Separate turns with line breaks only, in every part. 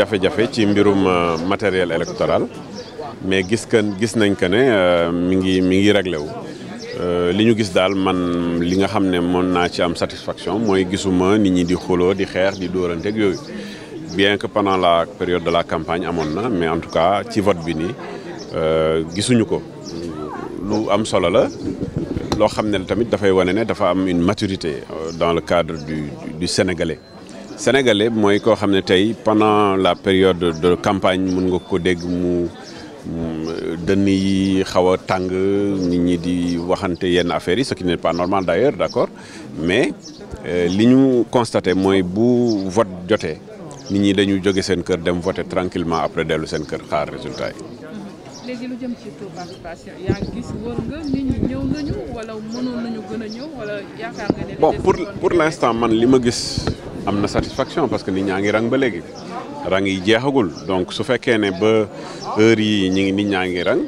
jafe-jafe ci mbirum euh, matériel électoral mais gis kan gis nañ que ne euh, mi ngi mi ngi réglé wu euh, li ñu gis daal man li nga xam ne mën naa ci am satisfaction mooy gisuma nit ñi di xuloo di xeex di dóorante ak yooyu bien que pendant la période de la campagne amoon na mais en tout cas ci vote bi nii gisuñu ko lu am solo la loo xam ne tamit dafay wane ne dafa am une maturité dans le cadre du du sénégalais sénégalais mooy koo xam ne tey pendant la période de campagne mun nga ko dégg mu dënn yi xaw a tàng nit ñi di waxante yenn affaires yi ce qui n'est pas normal d'ailleurs d'accord mais euh, li ñu constaté mooy bu vote jotee nit ñi dañu jóge seen kër dem voter tranquillement après dellu seen kër xaar résultat yi. bon pour l'instant man li ma gis. am na satisfaction parce que ni ñaa ngi rang ba léegi rang yi jeexagul donc su fekkee ne ba heure yi ñi ngi nit ñaa ngi rang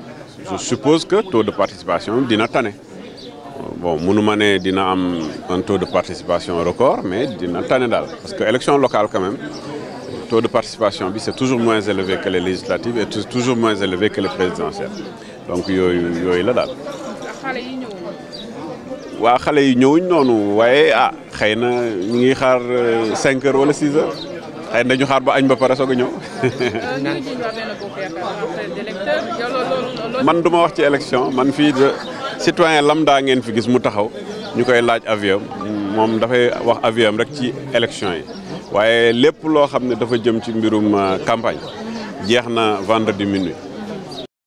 je suppose que taux de participation dina tane bon mënu ma ne dina am un taux de participation record mais dina tane daal parce que élection locale quand même taux de participation bi c'est toujours moins élevé que les législatives et toujours moins élevé que les présidentielles donc yooyu yooyu la daal waa xale yi ñëwuñ noonu waaye ah xëy na ñu ngi xaar 5 euh, heures wala 6 heures xëy na xaar ba añ ba pare soog ñëw. man du wax ci élection man fii de citoyen daa ngeen fi gis mu taxaw ñu koy laaj avion moom dafay wax avion rek ci élection yi waaye lépp loo xam ne dafa jëm ci mbirum euh, campagne jeex na vendredi minuit.